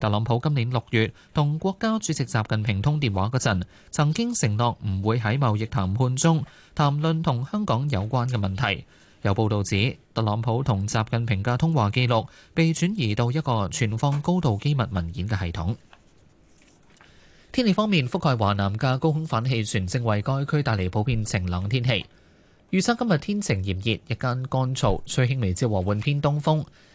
特朗普今年六月同國家主席習近平通電話嗰陣，曾經承諾唔會喺貿易談判中談論同香港有關嘅問題。有報道指，特朗普同習近平嘅通話記錄被轉移到一個存放高度機密文件嘅系統。天氣方面，覆蓋華南嘅高空反氣旋正為該區帶嚟普遍晴朗天氣。預測今日天晴炎熱，日間乾燥，吹輕微至和緩偏東風。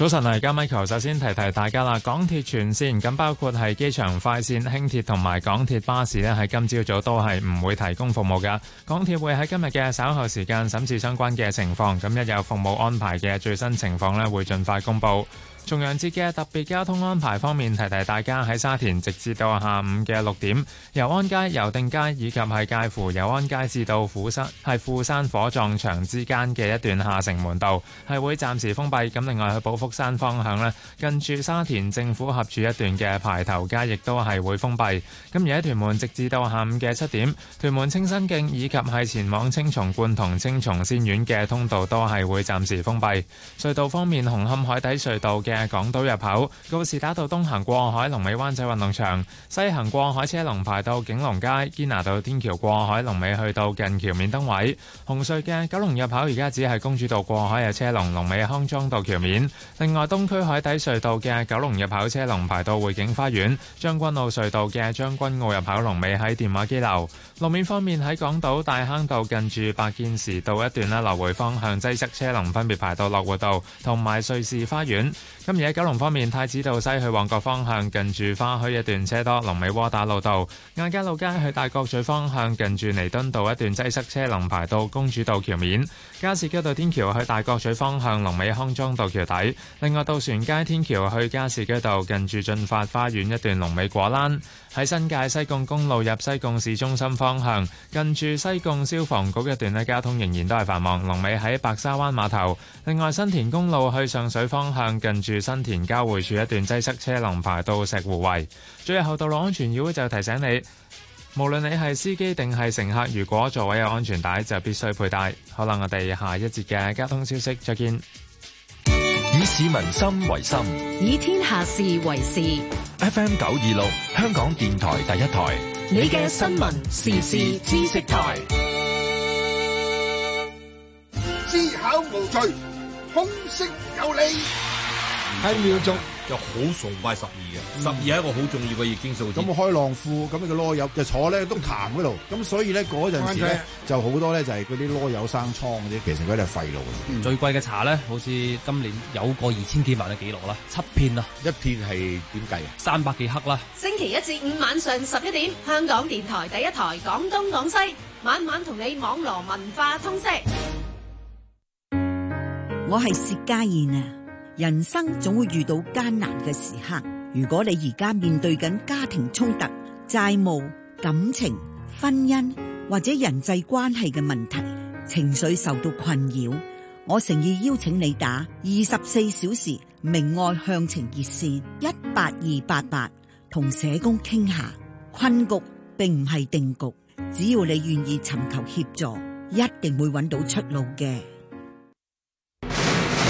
早晨啊，而家 Michael，首先提提大家啦。港鐵全綫咁，包括係機場快綫、輕鐵同埋港鐵巴士咧，喺今朝早都係唔會提供服務噶。港鐵會喺今日嘅稍後時間審視相關嘅情況，咁一有服務安排嘅最新情況咧會盡快公布。重陽節嘅特別交通安排方面，提提大家喺沙田，直至到下午嘅六點，由安街、由定街以及係介乎由安街至到富山係富山火葬場之間嘅一段下城門道係會暫時封閉。咁另外去寶福山方向呢，近住沙田政府合署一段嘅排頭街亦都係會封閉。咁而喺屯門，直至到下午嘅七點，屯門清新徑以及係前往青松觀同青松仙苑嘅通道都係會暫時封閉。隧道方面，紅磡海底隧道嘅。嘅港島入口告士打道東行過海，龍尾灣仔運動場；西行過海車龍排到景隆街、堅拿道天橋過海，龍尾去到近橋面燈位。紅隧嘅九龍入口而家只係公主道過海嘅車龍，龍尾康莊道橋面。另外，東區海底隧道嘅九龍入口車龍排到匯景花園；將軍澳隧道嘅將軍澳入口龍尾喺電話機樓。路面方面喺港島大坑道近住白建時道一段咧，來回方向擠塞車龍，分別排到樂活道同埋瑞士花園。今日喺九龍方面，太子道西去旺角方向，近住花墟一段車多；龍尾窩打老道、亞皆老街去大角咀方向，近住彌敦道一段擠塞車龍排到公主道橋面；加士居道天橋去大角咀方向，龍尾康莊道橋底；另外，渡船街天橋去加士居道，近住駿發花園一段龍尾果欄；喺新界西貢公路入西貢市中心方向，近住西貢消防局一段呢，交通仍然都係繁忙，龍尾喺白沙灣碼頭；另外，新田公路去上水方向，近住。住新田交匯處一段擠塞車龍排到石湖圍。最後道路安全要就提醒你，無論你係司機定係乘客，如果座位有安全帶就必須佩戴。可能我哋下一節嘅交通消息再見。以市民心為心，以天下事為事。FM 九二六，香港電台第一台，你嘅新聞時事知識台，思考無罪，公識有理。喺苗族就好崇拜十二嘅，十二係一個好重要嘅易經數字。咁、嗯、開浪褲，咁嘅囉柚，就坐咧都彈嗰度。咁所以咧嗰陣時咧、嗯，就好多咧就係嗰啲囉柚生瘡嘅啫，其實佢啲係廢路。最貴嘅茶咧，好似今年有個二千幾萬嘅記錄啦，七片啦，一片係點計啊？三百幾克啦。星期一至五晚上十一點，香港電台第一台，廣東廣西晚晚同你網羅文化通識。我係薛家燕啊。人生總會遇到艱難嘅時刻，如果你而家面對緊家庭衝突、債務、感情、婚姻或者人際關係嘅問題，情緒受到困擾，我誠意邀請你打二十四小時明愛向情熱線一八二八八，同社工傾下。困局並唔係定局，只要你願意尋求協助，一定會搵到出路嘅。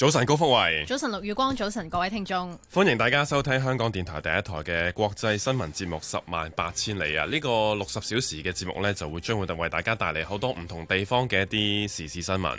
早晨，高福為。早晨，陸宇光。早晨，各位聽眾，歡迎大家收聽香港電台第一台嘅國際新聞節目《十萬八千里》啊！呢個六十小時嘅節目呢就會將會為大家帶嚟好多唔同地方嘅一啲時事新聞。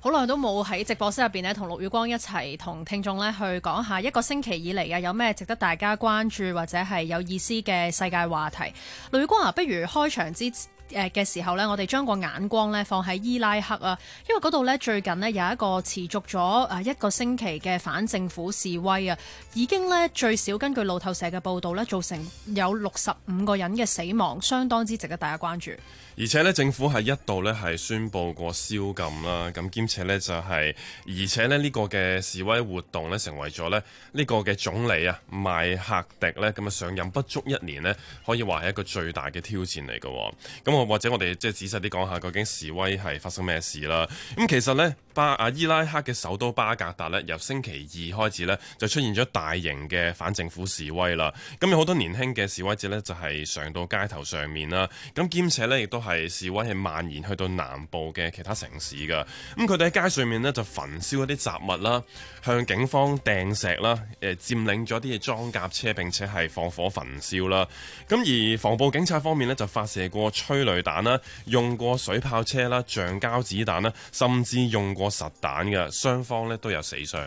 好耐都冇喺直播室入邊呢同陸宇光一齊同聽眾呢去講下一個星期以嚟啊，有咩值得大家關注或者係有意思嘅世界話題。陸宇光啊，不如開場之前。誒嘅時候呢，我哋將個眼光呢放喺伊拉克啊，因為嗰度呢，最近呢有一個持續咗誒一個星期嘅反政府示威啊，已經呢最少根據路透社嘅報道呢，造成有六十五個人嘅死亡，相當之值得大家關注。而且呢，政府係一度呢係宣布過宵禁啦，咁兼且呢就係，而且呢呢個嘅示威活動呢成為咗呢呢個嘅總理啊，麥克迪呢。咁啊上任不足一年呢，可以話係一個最大嘅挑戰嚟嘅，哦。咁我或者我哋即係仔細啲講下，究竟示威係發生咩事啦？咁其實呢，巴啊伊拉克嘅首都巴格達呢，由星期二開始呢，就出現咗大型嘅反政府示威啦。咁有好多年輕嘅示威者呢，就係上到街頭上面啦。咁兼且呢亦都。係示威係蔓延去到南部嘅其他城市噶，咁佢哋喺街上面呢，就焚燒一啲雜物啦，向警方掟石啦，誒佔領咗啲嘢裝甲車，並且係放火焚燒啦。咁而防暴警察方面呢，就發射過催淚彈啦，用過水炮車啦，橡膠子彈啦，甚至用過實彈嘅，雙方呢，都有死傷。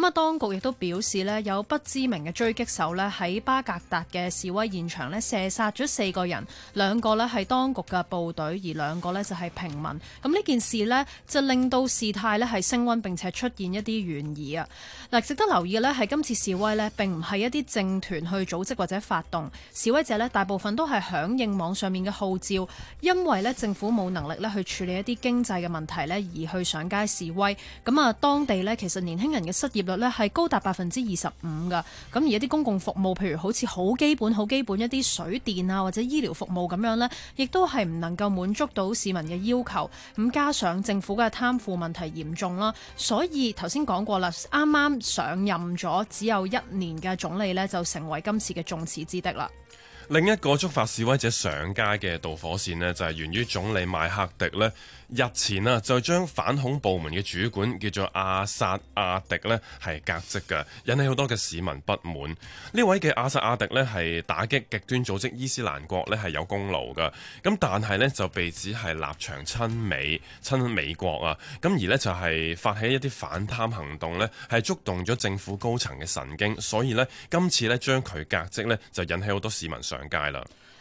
咁啊，當局亦都表示咧，有不知名嘅狙擊手咧喺巴格達嘅示威現場咧射殺咗四個人，兩個咧係當局嘅部隊，而兩個咧就係平民。咁呢件事咧就令到事態咧係升溫並且出現一啲懸疑啊！嗱，值得留意嘅咧係今次示威咧並唔係一啲政團去組織或者發動示威者咧，大部分都係響應網上面嘅號召，因為咧政府冇能力咧去處理一啲經濟嘅問題咧，而去上街示威。咁啊，當地咧其實年輕人嘅失業。率係高達百分之二十五㗎，咁而家一啲公共服務，譬如好似好基本、好基本一啲水電啊，或者醫療服務咁樣呢，亦都係唔能夠滿足到市民嘅要求。咁加上政府嘅貪腐問題嚴重啦，所以頭先講過啦，啱啱上任咗只有一年嘅總理呢，就成為今次嘅眾矢之的啦。另一個觸發示威者上街嘅導火線呢，就係源於總理邁克迪呢日前啊就將反恐部門嘅主管叫做阿薩阿迪呢係革職嘅，引起好多嘅市民不滿。呢位嘅阿薩阿迪呢，係打擊極端組織伊斯蘭國呢，係有功勞噶，咁但係呢，就被指係立場親美親美國啊，咁而呢，就係發起一啲反貪行動呢係觸動咗政府高層嘅神經，所以呢，今次呢，將佢革職呢，就引起好多市民上。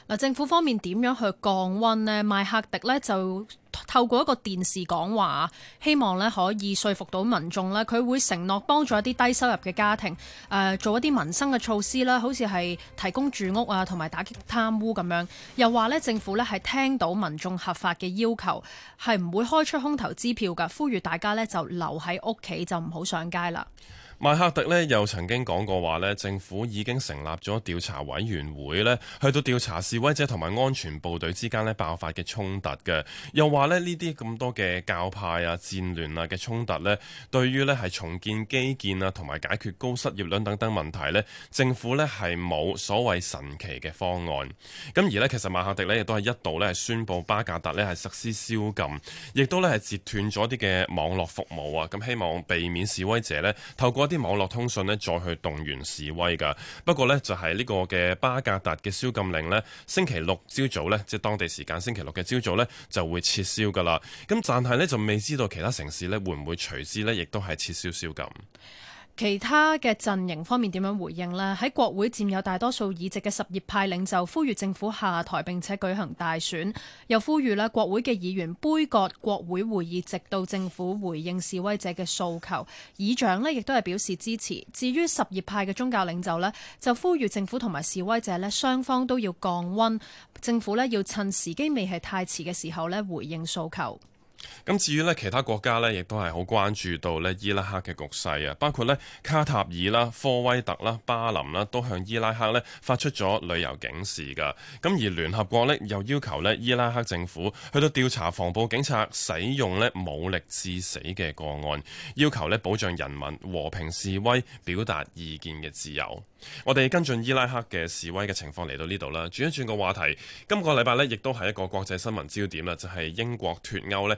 上政府方面點樣去降温呢？麥克迪呢就透過一個電視講話，希望咧可以說服到民眾，呢佢會承諾幫助一啲低收入嘅家庭，誒做一啲民生嘅措施啦，好似係提供住屋啊，同埋打擊貪污咁樣。又話呢政府呢係聽到民眾合法嘅要求，係唔會開出空頭支票噶，呼籲大家呢就留喺屋企，就唔好上街啦。邁克迪咧又曾經講過話咧，政府已經成立咗調查委員會咧，去到調查示威者同埋安全部隊之間咧爆發嘅衝突嘅，又話咧呢啲咁多嘅教派啊、戰亂啊嘅衝突咧，對於咧係重建基建啊同埋解決高失業率等等問題咧，政府咧係冇所謂神奇嘅方案。咁而呢，其實邁克迪咧亦都係一度咧係宣布巴格達咧係實施宵禁，亦都咧係截斷咗啲嘅網絡服務啊，咁希望避免示威者咧透過，啲網絡通訊呢，再去動員示威噶。不過呢，就係呢個嘅巴格達嘅宵禁令呢，星期六朝早呢，即係當地時間星期六嘅朝早呢，就會撤銷噶啦。咁但係呢，就未知道其他城市呢會唔會隨之呢，亦都係撤銷宵禁。其他嘅陣營方面點樣回應呢？喺國會佔有大多數議席嘅什葉派領袖呼籲政府下台，並且舉行大選，又呼籲咧國會嘅議員杯葛國會會議，直到政府回應示威者嘅訴求。議長呢亦都係表示支持。至於什葉派嘅宗教領袖呢，就呼籲政府同埋示威者呢，雙方都要降溫，政府呢要趁時機未係太遲嘅時候呢回應訴求。咁至於其他國家咧，亦都係好關注到伊拉克嘅局勢啊！包括咧卡塔爾啦、科威特啦、巴林啦，都向伊拉克咧發出咗旅遊警示噶。咁而聯合國又要求伊拉克政府去到調查防暴警察使用武力致死嘅個案，要求保障人民和平示威、表達意見嘅自由。我哋跟進伊拉克嘅示威嘅情況嚟到呢度啦。轉一轉個話題，今個禮拜咧亦都係一個國際新聞焦點啦，就係英國脫歐咧。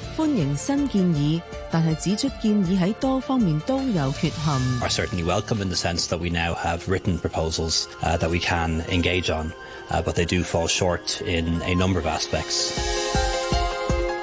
歡迎新建議，但係指出建議喺多方面都有缺陷。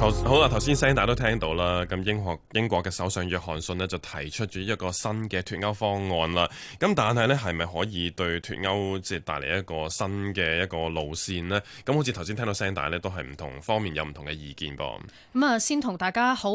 頭好啦，頭先聲帶都聽到啦。咁英皇英國嘅首相約翰遜呢，就提出咗一個新嘅脫歐方案啦。咁但係呢，係咪可以對脫歐即係帶嚟一個新嘅一個路綫呢？咁好似頭先聽到聲帶呢，都係唔同方面有唔同嘅意見噃。咁啊，先同大家好。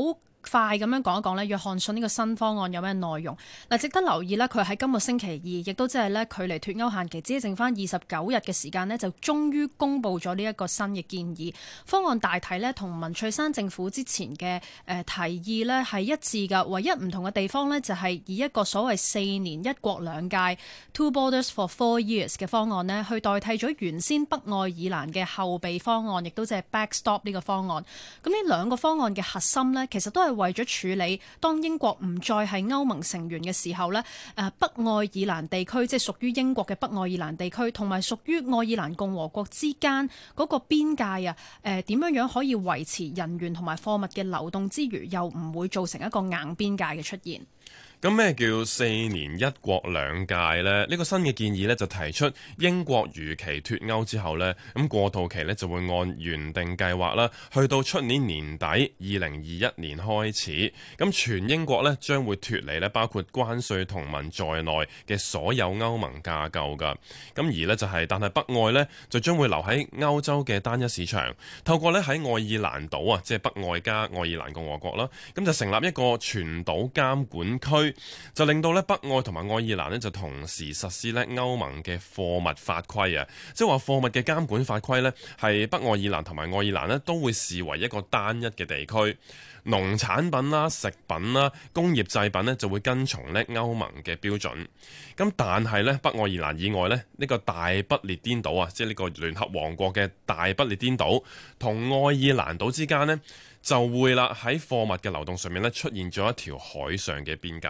快咁樣講一講呢約翰遜呢個新方案有咩內容？嗱，值得留意呢，佢喺今個星期二，亦都即係咧，距離脱歐限期只剩翻二十九日嘅時間呢，就終於公布咗呢一個新嘅建議方案。大體呢，同文翠山政府之前嘅誒提議呢係一致噶，唯一唔同嘅地方呢，就係以一個所謂四年一國兩界 （two borders for four years） 嘅方案呢，去代替咗原先北愛爾蘭嘅後備方案，亦都即係 backstop 呢個方案。咁呢兩個方案嘅核心呢，其實都係。為咗處理當英國唔再係歐盟成員嘅時候呢，誒，北愛爾蘭地區即係屬於英國嘅北愛爾蘭地區，同埋屬於愛爾蘭共和國之間嗰個邊界啊，誒，點樣樣可以維持人員同埋貨物嘅流動之餘，又唔會造成一個硬邊界嘅出現？咁咩叫四年一國兩界咧？呢個新嘅建議咧就提出英國如期脫歐之後咧，咁過渡期咧就會按原定計劃啦，去到出年年底二零二一年開始，咁全英國咧將會脫離咧包括關稅同盟在內嘅所有歐盟架構噶，咁而咧就係但係北愛咧就將會留喺歐洲嘅單一市場，透過咧喺愛爾蘭島啊，即係北愛加愛爾蘭共和國啦，咁就成立一個全島監管區。就令到咧北愛同埋愛爾蘭咧就同時實施咧歐盟嘅貨物法規啊，即係話貨物嘅監管法規咧係北愛爾蘭同埋愛爾蘭咧都會視為一個單一嘅地區，農產品啦、食品啦、工業製品咧就會跟從咧歐盟嘅標準。咁但係咧北愛爾蘭以外咧呢個大不列顛島啊，即係呢個聯合王國嘅大不列顛島同愛爾蘭島之間呢就會啦，喺貨物嘅流動上面咧，出現咗一條海上嘅邊界。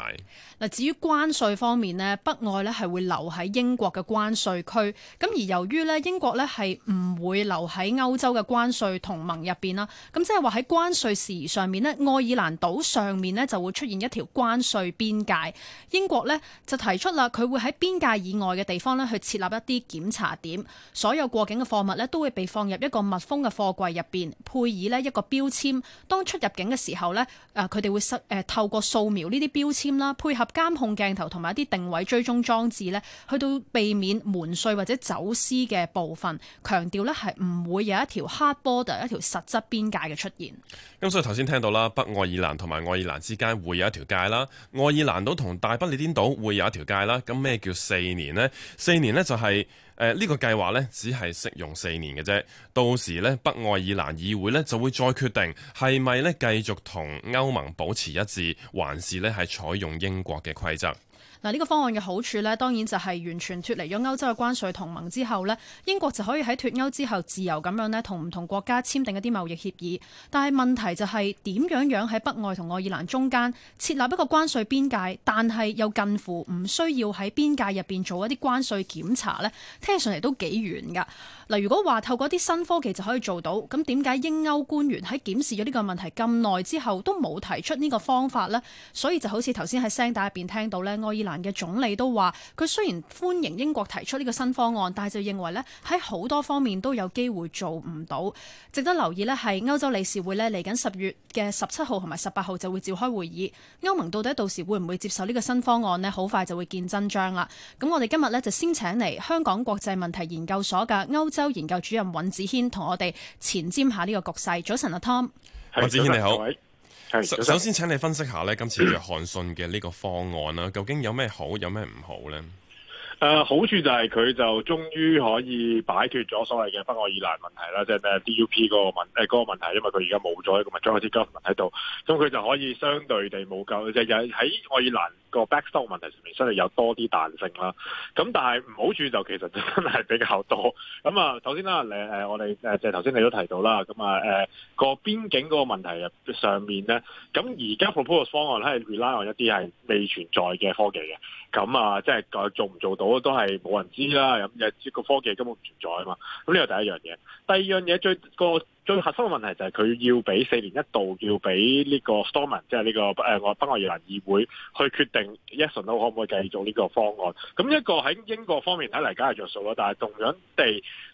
嗱，至於關稅方面咧，北愛咧係會留喺英國嘅關稅區。咁而由於咧英國咧係唔會留喺歐洲嘅關稅同盟入邊啦，咁即係話喺關稅事宜上面咧，愛爾蘭島上面咧就會出現一條關稅邊界。英國呢就提出啦，佢會喺邊界以外嘅地方咧去設立一啲檢查點，所有過境嘅貨物咧都會被放入一個密封嘅貨櫃入邊，配以咧一個標籤。當出入境嘅時候呢誒，佢哋會透過掃描呢啲標籤啦，配合監控鏡頭同埋一啲定位追蹤裝置呢，去到避免瞞稅或者走私嘅部分，強調呢係唔會有一條 hard border 一條實質邊界嘅出現。咁所以頭先聽到啦，北愛爾蘭同埋愛爾蘭之間會有一條界啦，愛爾蘭島同大不列顛島會有一條界啦。咁咩叫四年呢？四年呢就係、是。誒、呃、呢、呢個計劃咧，只係適用四年嘅啫。到時咧，北愛爾蘭議會咧就會再決定係咪咧繼續同歐盟保持一致，還是咧係採用英國嘅規則。嗱、這、呢個方案嘅好處咧，當然就係完全脫離咗歐洲嘅關稅同盟之後咧，英國就可以喺脫歐之後自由咁樣咧，同唔同國家簽訂一啲貿易協議。但係問題就係、是、點樣樣喺北愛同愛爾蘭中間設立一個關稅邊界，但係又近乎唔需要喺邊界入邊做一啲關稅檢查咧？聽上嚟都幾遠㗎。嗱，如果話透過啲新科技就可以做到，咁點解英歐官員喺檢視咗呢個問題咁耐之後都冇提出呢個方法咧？所以就好似頭先喺聲帶入邊聽到咧，愛爾蘭。嘅總理都話，佢雖然歡迎英國提出呢個新方案，但係就認為呢喺好多方面都有機會做唔到。值得留意呢，係歐洲理事會呢，嚟緊十月嘅十七號同埋十八號就會召開會議，歐盟到底到時會唔會接受呢個新方案呢？好快就會見真章啦。咁我哋今日呢，就先請嚟香港國際問題研究所嘅歐洲研究主任尹子軒，同我哋前瞻下呢個局勢。早晨阿 Tom，尹子軒你好。Tom 首先請你分析下咧，今次約翰遜嘅呢個方案啦、嗯，究竟有咩好，有咩唔好咧？誒、啊、好處就係佢就終於可以擺脱咗所謂嘅北愛爾蘭問題啦，即係咩 DUP 嗰個問題，因為佢而家冇咗一個物資資金喺度，咁佢就可以相對地冇夠，即係喺愛爾蘭個 backstop 問題上面，真係有多啲彈性啦。咁但係唔好處就其實真係比較多。咁啊，首先啦，呃、我哋誒即係頭先你都提到啦，咁啊個、呃、邊境嗰個問題上面咧，咁而家 proposed 方案咧係 rely on 一啲係未存在嘅科技嘅，咁啊即係做唔做到？都係冇人知啦，咁又知個科技根本唔存在啊嘛。咁呢個第一樣嘢，第二樣嘢最個最核心嘅問題就係、是、佢要俾四年一度要俾呢個 Stormont，即係呢、這個誒我、呃、北愛爾蘭議會去決定 Yes or No 可唔可以繼續呢個方案。咁一個喺英國方面睇嚟梗係着數啦，但係同樣地，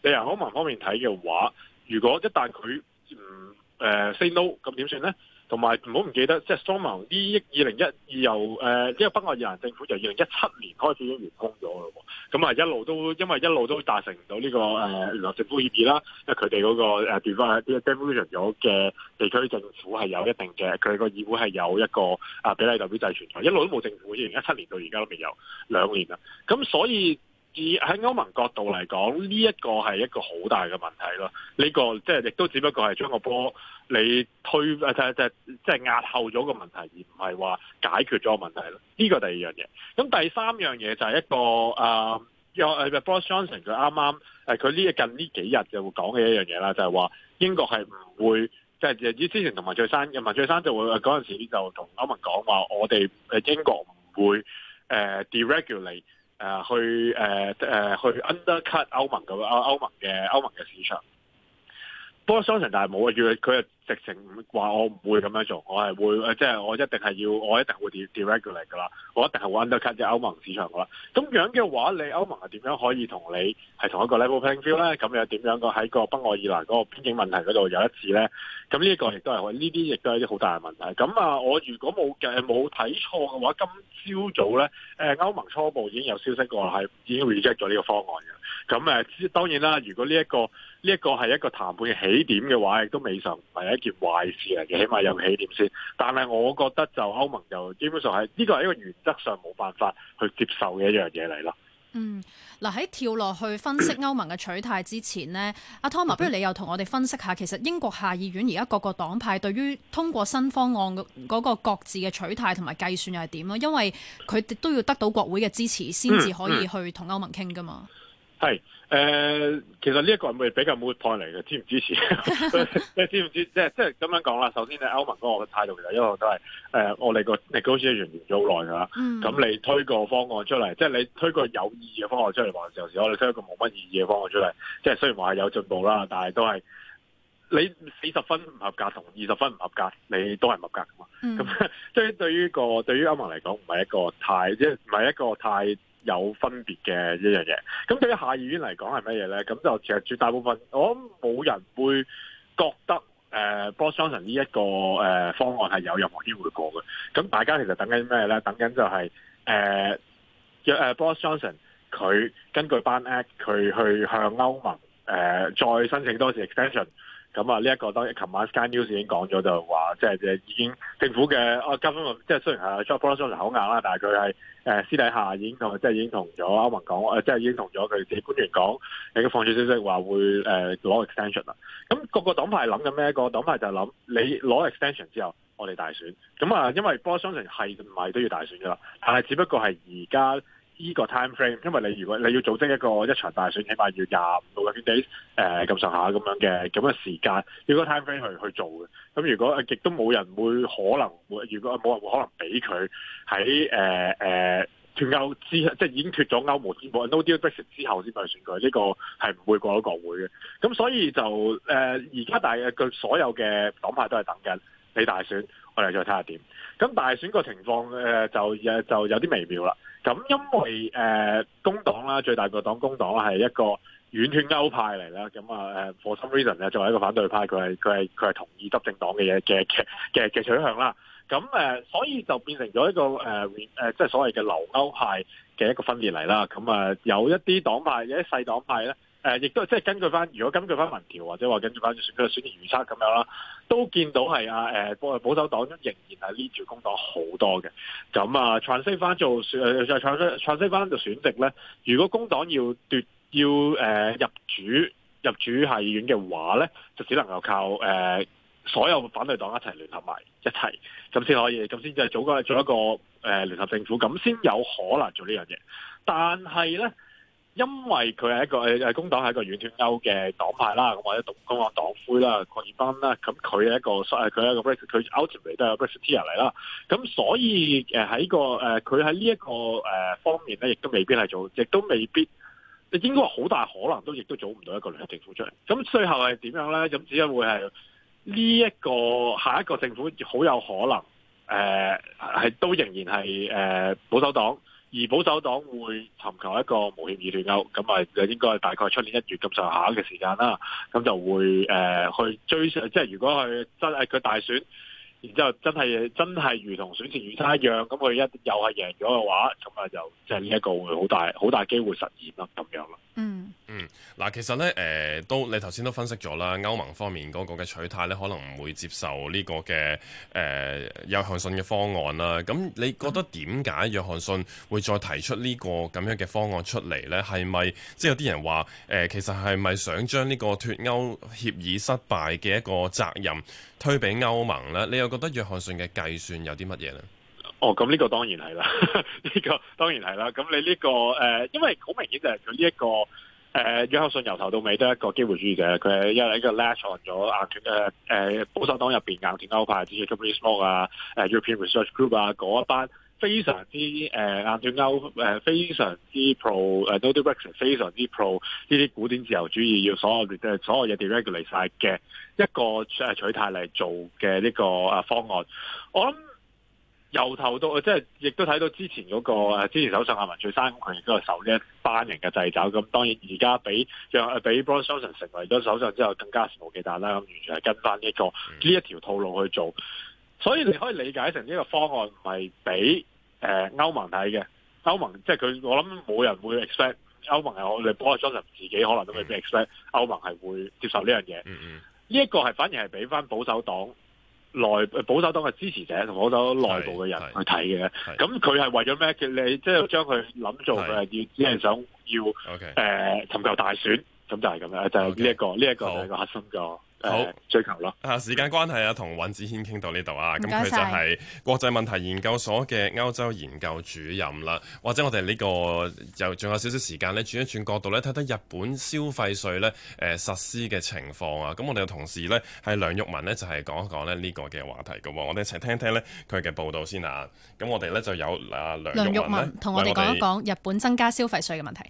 你喺歐盟方面睇嘅話，如果一旦佢唔誒 Say No，咁點算咧？同埋唔好唔記得，即係蘇盟呢二零一二由誒，因為北愛爾蘭政府就二零一七年開始已經完工咗咯，咁啊一路都因為一路都達成唔到呢個誒聯合政府協議啦，因為佢哋嗰個誒變化啲 demission 咗嘅地區政府係有一定嘅，佢哋個議會係有一個啊比例代表制存在，一路都冇政府，二零一七年到而家都未有兩年啦，咁所以。喺歐盟角度嚟講，呢一個係一個好大嘅問題咯。呢個即係亦都只不過係將個波你推啊即係即係壓後咗個問題，而唔係話解決咗個問題咯。呢個第二樣嘢。咁第三樣嘢就係一個啊，由啊 Boris Johnson 佢啱啱誒佢呢近呢幾日就講嘅一樣嘢啦，就係話英國係唔會即係之前同文翠珊，文翠珊就會嗰陣時就同歐盟講話，我哋誒英國唔會誒 deregulate 誒去誒誒、呃、去 undercut 歐盟咁啊歐，歐盟嘅歐盟嘅市場，不過商場但係冇啊，因為佢啊。直情話我唔會咁樣做，我係會即係、就是、我一定係要，我一定會 directly 㗎啦。我一定係 undercut 啲歐盟市場嘅啦。咁樣嘅話，你歐盟係點樣可以同你係同一個 level playing field 咧？咁又點樣個喺個北愛爾蘭嗰個邊境問題嗰度有一致咧？咁呢一個亦都係，呢啲亦都係一啲好大嘅問題。咁啊，我如果冇嘅冇睇錯嘅話，今朝早咧誒歐盟初步已經有消息過係已經 reject 咗呢個方案嘅。咁誒，當然啦，如果呢、這、一個呢一、這個係一個談判嘅起點嘅話，亦都未嘗一件壞事嚟，起碼有起點先。但係我覺得就歐盟就基本上係呢個係一個原則上冇辦法去接受嘅一樣嘢嚟咯。嗯，嗱喺跳落去分析歐盟嘅取態之前咧，阿 Thomas，不如你又同我哋分析一下，其實英國下議院而家各個黨派對於通過新方案嗰個各自嘅取態同埋計算又係點咯？因為佢哋都要得到國會嘅支持先至可以去同歐盟傾噶嘛。係、嗯。嗯誒、呃，其實呢一個係比較 moot point 嚟嘅？支唔支持？即係知唔知？即係即係咁樣講啦。首先，誒，歐盟嗰個態度其實因為都係誒、呃，我哋個 negotiation 完咗好耐噶啦。咁、嗯、你推個方案出嚟，即係你推個有意義嘅方案出嚟話嘅時候，我哋推一個冇乜意義嘅方案出嚟，即係雖然話係有進步啦，但係都係你四十分唔合格同二十分唔合格，你都係唔合格噶嘛？咁、嗯、即係對於個，對於歐盟嚟講，唔係一個太，即係唔係一個太。有分別嘅一樣嘢，咁對於下議院嚟講係乜嘢呢？咁就其實絕大部分，我諗冇人會覺得誒、呃、Boris Johnson 呢、這、一個誒、呃、方案係有任何機會過嘅。咁大家其實等緊咩呢？等緊就係誒 Boris Johnson 佢根據班 Act 佢去向歐盟誒、呃、再申請多次 extension。咁啊、這個，呢一個當琴晚 Sky News 已經講咗，就話即係誒已經政府嘅啊，即係雖然係 Boris Johnson 口硬啦，但係佢係誒私底下已經同即係已經同咗歐盟講即係已經同咗佢自己官員講誒，放住消息話會誒攞、呃、extension 啦。咁各個黨派係諗緊咩？個黨派就諗你攞 extension 之後，我哋大選咁啊。因為 Boris Johnson 係唔係都要大選噶啦，但係只不過係而家。呢、這個 time frame，因為你如果你要組織一個一場大選，起碼要廿五到六 days，誒咁上下咁樣嘅咁嘅時間，要、這個 time frame 去去做嘅。咁如果亦都冇人會可能會，如果冇人會可能俾佢喺誒誒脱歐之，即係已經脱咗歐盟之，no deal Brexit 之後先去選舉，呢、這個係唔會過到國會嘅。咁所以就誒而家，呃、大，佢所有嘅黨派都係等緊你大選，我哋再睇下點。咁大選個情況誒、呃，就就有啲微妙啦。咁因為誒、呃、工黨啦，最大個黨工黨係一個遠端歐派嚟啦，咁啊誒，for some reason 咧，作為一個反對派，佢係佢係佢係同意執政黨嘅嘢嘅嘅嘅嘅取向啦。咁誒，所以就變成咗一個誒誒、呃，即係所謂嘅留歐派嘅一個分裂嚟啦。咁啊、呃，有一啲黨派，有啲細黨派咧。誒、呃，亦都即係根據翻，如果根據翻民調或者話根據翻選舉嘅選情預測咁樣啦，都見到係啊、呃、保守黨仍然係 lead 住工黨好多嘅。咁啊，創新翻做誒，再創新創新翻做選席咧。如果工黨要奪要誒、呃、入主入主下議院嘅話咧，就只能夠靠誒、呃、所有反對黨一齊聯合埋一齊，咁先可以，咁先至做個做一個誒、呃、聯合政府，咁先有可能做呢樣嘢。但係咧。因為佢係一個誒工黨係一個軟脱歐嘅黨派啦，咁或者獨工黨黨魁啦，郭建班啦，咁佢係一個佢係一個 break，佢 out 嚟都係一個 brexit 嚟啦。咁所以誒喺個誒佢喺呢一個誒方面咧，亦都未必係做，亦都未必，應該好大可能都亦都做唔到一個聯合政府出嚟。咁最後係點樣咧？咁只會係呢一個下一個政府好有可能誒、呃、係都仍然係誒保守黨。而保守黨會尋求一個無協議脱歐，咁咪就應該大概出年一月咁上下嘅時間啦，咁就會誒、呃、去追，即係如果佢真係佢大選。然之後真係真係如同選前預測一樣，咁佢一又係贏咗嘅話，咁啊就即係呢一個會好大好大機會實現咯，咁樣咯。嗯嗯，嗱其實咧誒、呃、都你頭先都分析咗啦，歐盟方面嗰個嘅取態咧可能唔會接受呢個嘅誒約翰遜嘅方案啦。咁你覺得點解約翰遜會再提出呢個咁樣嘅方案出嚟咧？係咪即係有啲人話誒、呃、其實係咪想將呢個脱歐協議失敗嘅一個責任推俾歐盟咧？呢一覺得約翰遜嘅計算有啲乜嘢咧？哦，咁呢個當然係啦，呢個當然係啦。咁你呢個因為好明顯就係佢呢一個誒約翰遜由頭到尾都係一個機會主義者，佢係一係一個 latch on 咗保守黨入邊硬件歐派，比如 Rees-Mogg 啊、European Research Group 啊嗰一班。非常之誒硬斷歐，非常之 pro 誒，Donald t i o n 非常之 pro 呢啲古典自由主義，要所有嘅所有嘢 direct 嚟晒嘅一個取取態嚟做嘅呢個方案。我諗由頭到即係亦都睇到之前嗰、那個之前手上個首相阿文翠山佢亦都係受呢一班人嘅制酒。咁當然而家俾俾 b r o n Johnson 成為咗首相之後，更加肆無忌憚啦，完全係跟翻呢、這個呢、mm. 一條套路去做。所以你可以理解成呢個方案唔係俾。誒、呃，歐盟睇嘅，歐盟即係佢，我諗冇人會 expect 歐盟係我哋 Boris Johnson，自己可能都未必 expect 歐、嗯、盟係會接受呢樣嘢。嗯嗯，呢、這、一個係反而係俾翻保守黨內保守黨嘅支持者同保守內部嘅人去睇嘅。咁佢係為咗咩？你即係將佢諗做誒，要只係想要誒尋、okay, 呃、求大選，咁就係咁樣，就係呢一個，呢、okay, 一個係個核心嘅好追求咯！啊，時間關係啊，同尹子軒傾到呢度啊，咁佢就係國際問題研究所嘅歐洲研究主任啦。或者我哋呢、呢個又仲有少少時間咧，轉一轉角度咧，睇睇日本消費稅咧誒實施嘅情況啊。咁我哋嘅同事咧係梁玉文咧，就係、係、講一講咧呢個嘅話題嘅喎。我哋一齊聽一聽咧佢嘅報導先啊。咁我哋咧就有阿梁，梁玉文同我哋講一講日本增加消費稅嘅問題。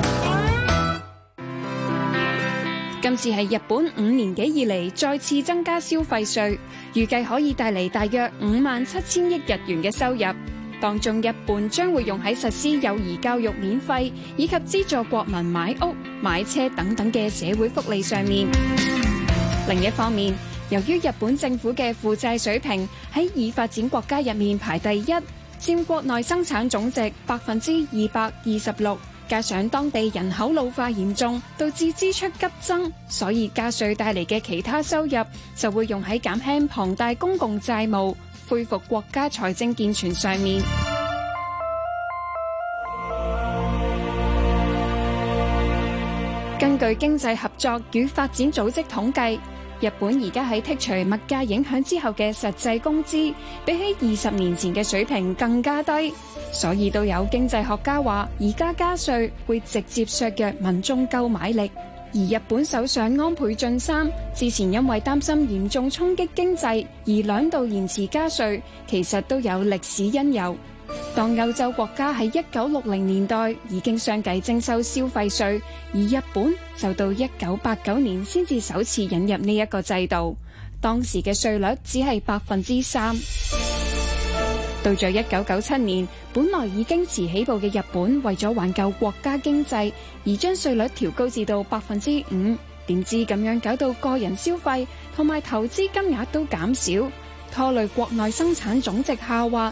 今次係日本五年幾以嚟，再次增加消費稅，預計可以帶嚟大約五萬七千億日元嘅收入。當中一半將會用喺實施幼兒教育免費以及資助國民買屋、買車等等嘅社會福利上面。另一方面，由於日本政府嘅負債水平喺已發展國家入面排第一，佔國內生產總值百分之二百二十六。加上當地人口老化嚴重，導致支出急增，所以加稅帶嚟嘅其他收入就會用喺減輕龐大公共債務、恢復國家財政健全上面。根據經濟合作與發展組織統計。日本而家喺剔除物價影響之後嘅實際工資，比起二十年前嘅水平更加低，所以都有經濟學家話，而家加稅會直接削弱民眾購買力。而日本首相安倍晉三之前因為擔心嚴重衝擊經濟，而兩度延遲加稅，其實都有歷史因由。當歐洲國家喺一九六零年代已經相繼徵收消費稅，而日本就到一九八九年先至首次引入呢一個制度，當時嘅稅率只係百分之三。到咗一九九七年，本來已經遲起步嘅日本為咗挽救國家經濟，而將稅率調高至到百分之五，點知咁樣搞到個人消費同埋投資金額都減少，拖累國內生產總值下滑。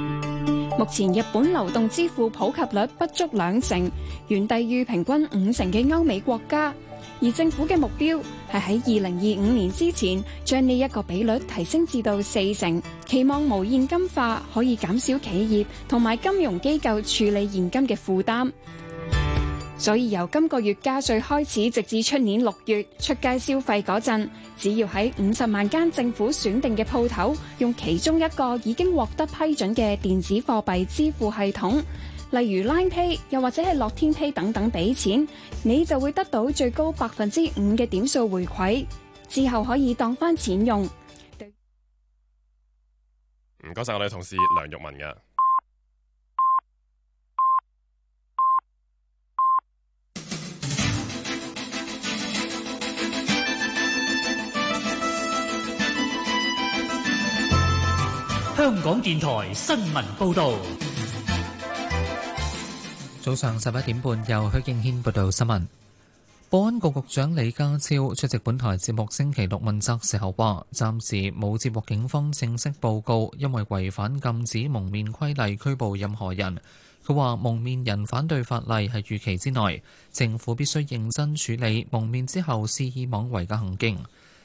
目前日本流動支付普及率不足兩成，遠低於平均五成嘅歐美國家。而政府嘅目標係喺二零二五年之前，將呢一個比率提升至到四成，期望無現金化可以減少企業同埋金融機構處理現金嘅負擔。所以由今個月加稅開始，直至出年六月出街消費嗰陣，只要喺五十萬間政府選定嘅鋪頭，用其中一個已經獲得批准嘅電子貨幣支付系統，例如 Line Pay，又或者係樂天 Pay 等等錢，俾錢你就會得到最高百分之五嘅點數回饋，之後可以當翻錢用。唔該晒我哋同事梁玉文嘅。香港電台新聞報道，早上十一點半，由許敬軒報道新聞。保安局局長李家超出席本台節目《星期六問責》時候話，暫時冇接獲警方正式報告，因為違反禁止蒙面規例拘捕任何人。佢話蒙面人反對法例係預期之內，政府必須認真處理蒙面之後肆意妄為嘅行徑。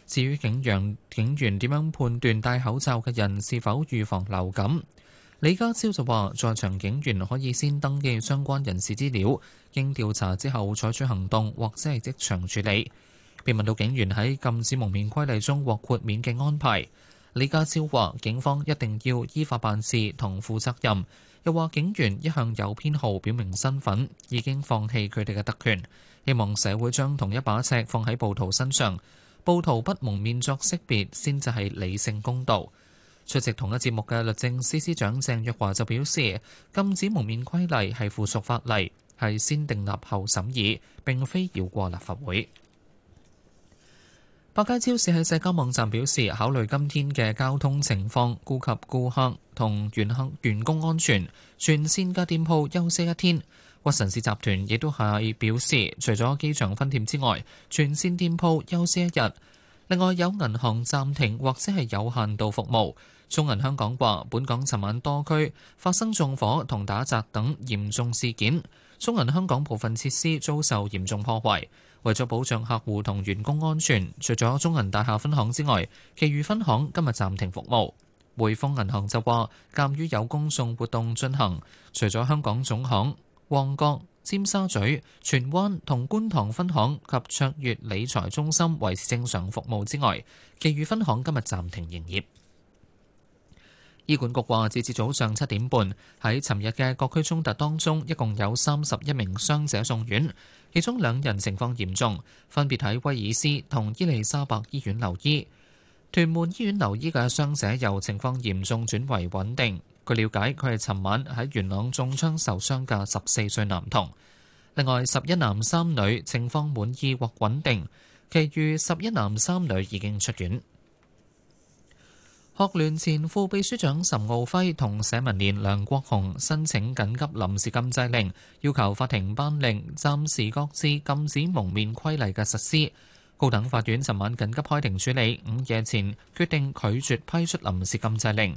至於警員警員點樣判斷戴口罩嘅人是否預防流感？李家超就話，在場警員可以先登記相關人士資料，經調查之後採取行動或者係即場處理。被問到警員喺禁止蒙面規例中獲豁免嘅安排，李家超話：警方一定要依法辦事同負責任。又話警員一向有編號表明身份，已經放棄佢哋嘅特權。希望社會將同一把尺放喺暴徒身上。暴徒不蒙面作識別先至係理性公道。出席同一節目嘅律政司司長鄭若驊就表示，禁止蒙面規例係附屬法例，係先訂立後審議，並非繞過立法會。百佳超市喺社交網站表示，考慮今天嘅交通情況，顧及顧客同員客員工安全，全綫嘅店鋪休息一天。屈臣氏集團亦都係表示，除咗機場分店之外，全線店鋪休息一日。另外有銀行暫停或者係有限度服務。中銀香港話，本港尋晚多區發生縱火同打砸等嚴重事件，中銀香港部分設施遭受嚴重破壞。為咗保障客戶同員工安全，除咗中銀大廈分行之外，其餘分行今日暫停服務。匯豐銀行就話，鑒於有公眾活動進行，除咗香港總行。旺角、尖沙咀、荃灣同觀塘分行及卓越理財中心維持正常服務之外，其餘分行今日暫停營業。醫管局話，截至早上七點半，喺尋日嘅各區衝突當中，一共有三十一名傷者送院，其中兩人情況嚴重，分別喺威爾斯同伊利沙伯醫院留醫。屯門醫院留醫嘅傷者由情況嚴重轉為穩定。據了解，佢係尋晚喺元朗中槍受傷嘅十四歲男童。另外十一男三女情況滿意或穩定，其餘十一男三女已經出院。學聯前副秘書長岑敖暉同社民連梁國雄申請緊急臨時禁制令，要求法庭頒令暫時擱置禁止蒙面規例嘅實施。高等法院尋晚緊急開庭處理，午夜前決定拒絕批出臨時禁制令。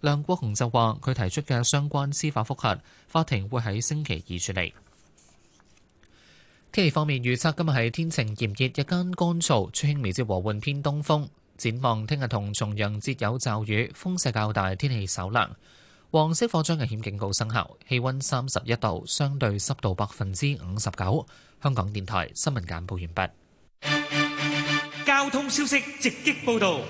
梁國雄就話：佢提出嘅相關司法複核，法庭會喺星期二處理。天氣方面預測今日係天晴炎熱，日間乾燥，吹輕微至和緩偏東風。展望聽日同重陽節有驟雨，風勢較大，天氣稍涼。黃色火災危險警告生效，氣温三十一度，相對濕度百分之五十九。香港電台新聞簡報完畢。交通消息直擊報道。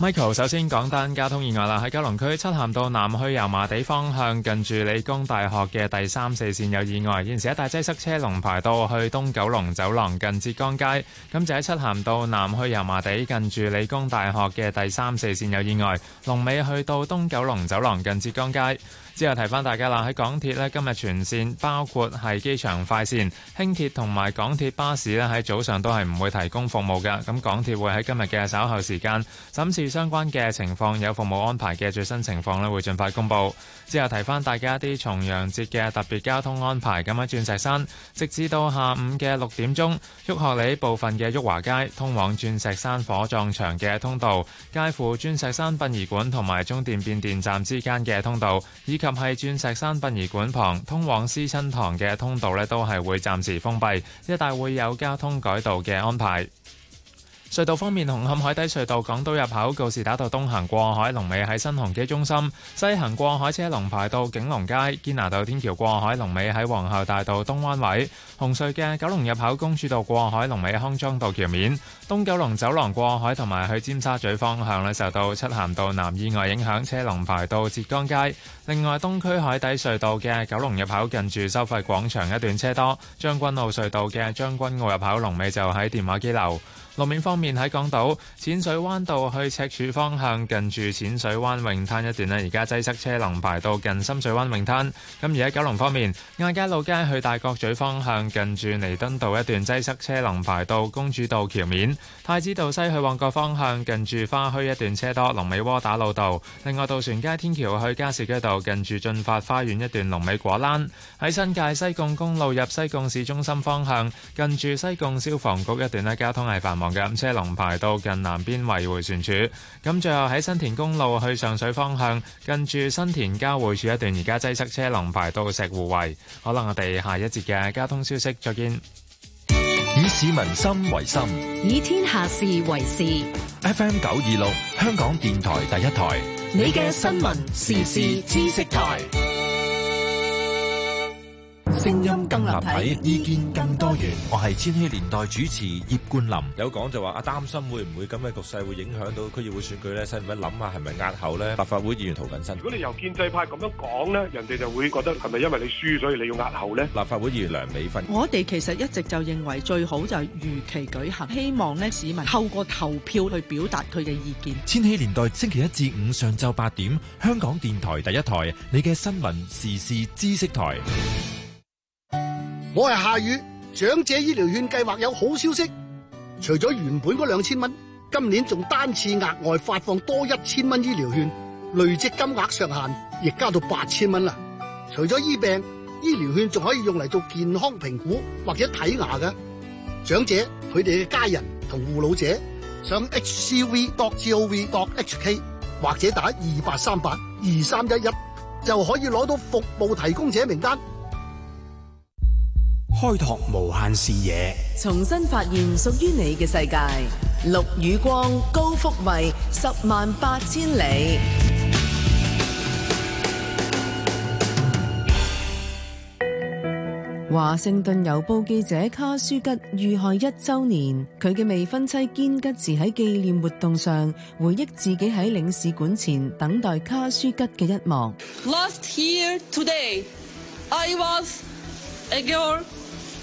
Michael 首先講單交通意外啦，喺九龍區漆咸道南去油麻地方向，近住理工大學嘅第三四線有意外，現時一大擠塞車龍排到去東九龍走廊近浙江街。咁就喺漆咸道南去油麻地近住理工大學嘅第三四線有意外，龍尾去到東九龍走廊近浙江街。之後提翻大家啦，喺港鐵呢，今日全線包括係機場快線、輕鐵同埋港鐵巴士呢，喺早上都係唔會提供服務嘅。咁港鐵會喺今日嘅稍後時間審視相關嘅情況，有服務安排嘅最新情況呢，會盡快公佈。之後提翻大家一啲重陽節嘅特別交通安排，咁喺鑽石山，直至到下午嘅六點鐘，旭學里部分嘅旭華街通往鑽石山火葬場嘅通道，介乎鑽石山殯儀館同埋中電變電站之間嘅通道，以及喺鑽石山殯儀館旁通往思親堂嘅通道呢，都係會暫時封閉，一帶會有交通改道嘅安排。隧道方面，紅磡海底隧道港島入口告士打道東行過海，龍尾喺新鴻基中心；西行過海車龍排到景隆街堅拿道天橋過海，龍尾喺皇后大道東灣位。紅隧嘅九龍入口公主道過海，龍尾康莊道橋面；東九龍走廊過海同埋去尖沙咀方向咧，受到漆咸道南意外影響，車龍排到浙江街。另外，東區海底隧道嘅九龍入口近住收費廣場一段車多；將軍澳隧道嘅將軍澳入口龍尾就喺電話機樓。路面方面，喺港島淺水灣道去赤柱方向，近住淺水灣泳灘一段而家擠塞，車龍排到近深水灣泳灘。咁而喺九龍方面，亞皆老街去大角咀方向，近住彌敦道一段擠塞，車龍排到公主道橋面。太子道西去旺角方向，近住花墟一段車多，龍尾窩打老道。另外，渡船街天橋去加士居道，近住進發花園一段龍尾果欄。喺新界西貢公路入西貢市中心方向，近住西貢消防局一段交通係繁忙嘅，咁車龍排到近南邊圍回旋處，咁最後喺新田公路去上水方向，跟住新田交匯處一段，而家擠塞，車龍排到石湖圍。可能我哋下一節嘅交通消息再見。以市民心為心，以天下事為事。FM 九二六，香港電台第一台，你嘅新聞時事知識台。聲音更立體，意見更多元。我係千禧年代主持葉冠林。有講就話啊，擔心會唔會咁嘅局勢會影響到區議會選舉咧？使唔使諗下係咪壓後咧？立法會議員涂謹申。如果你由建制派咁樣講咧，人哋就會覺得係咪因為你輸所以你要壓後咧？立法會議員梁美芬。我哋其實一直就認為最好就係如期舉行，希望咧市民透過投票去表達佢嘅意見。千禧年代星期一至五上晝八點，香港電台第一台，你嘅新聞時事知識台。我係夏雨，長者醫療券計劃有好消息，除咗原本嗰兩千蚊，今年仲單次額外發放多一千蚊醫療券，累積金額上限亦加到八千蚊啦。除咗醫病，醫療券仲可以用嚟做健康評估或者睇牙嘅。長者佢哋嘅家人同護老者上 HCV.gov.hk 或者打二八三八二三一一，就可以攞到服務提供者名單。開拓無限視野，重新發現屬於你嘅世界。陸與光，高福慧，十萬八千里。華盛頓郵報記者卡舒吉遇害一周年，佢嘅未婚妻堅吉自喺紀念活動上回憶自己喺領事館前等待卡舒吉嘅一幕。Last year today, I was a girl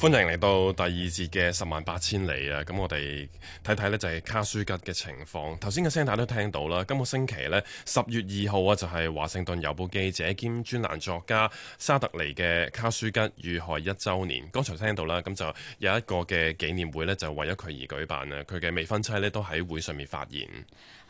歡迎嚟到第二節嘅十萬八千里啊！咁我哋睇睇呢，就係卡舒吉嘅情況。頭先嘅聲帶都聽到啦。今個星期呢，十月二號啊，就係華盛頓郵報記者兼專欄作家沙特尼嘅卡舒吉遇害一週年。剛才聽到啦，咁就有一個嘅紀念會呢，就為咗佢而舉辦啊。佢嘅未婚妻呢，都喺會上面發言。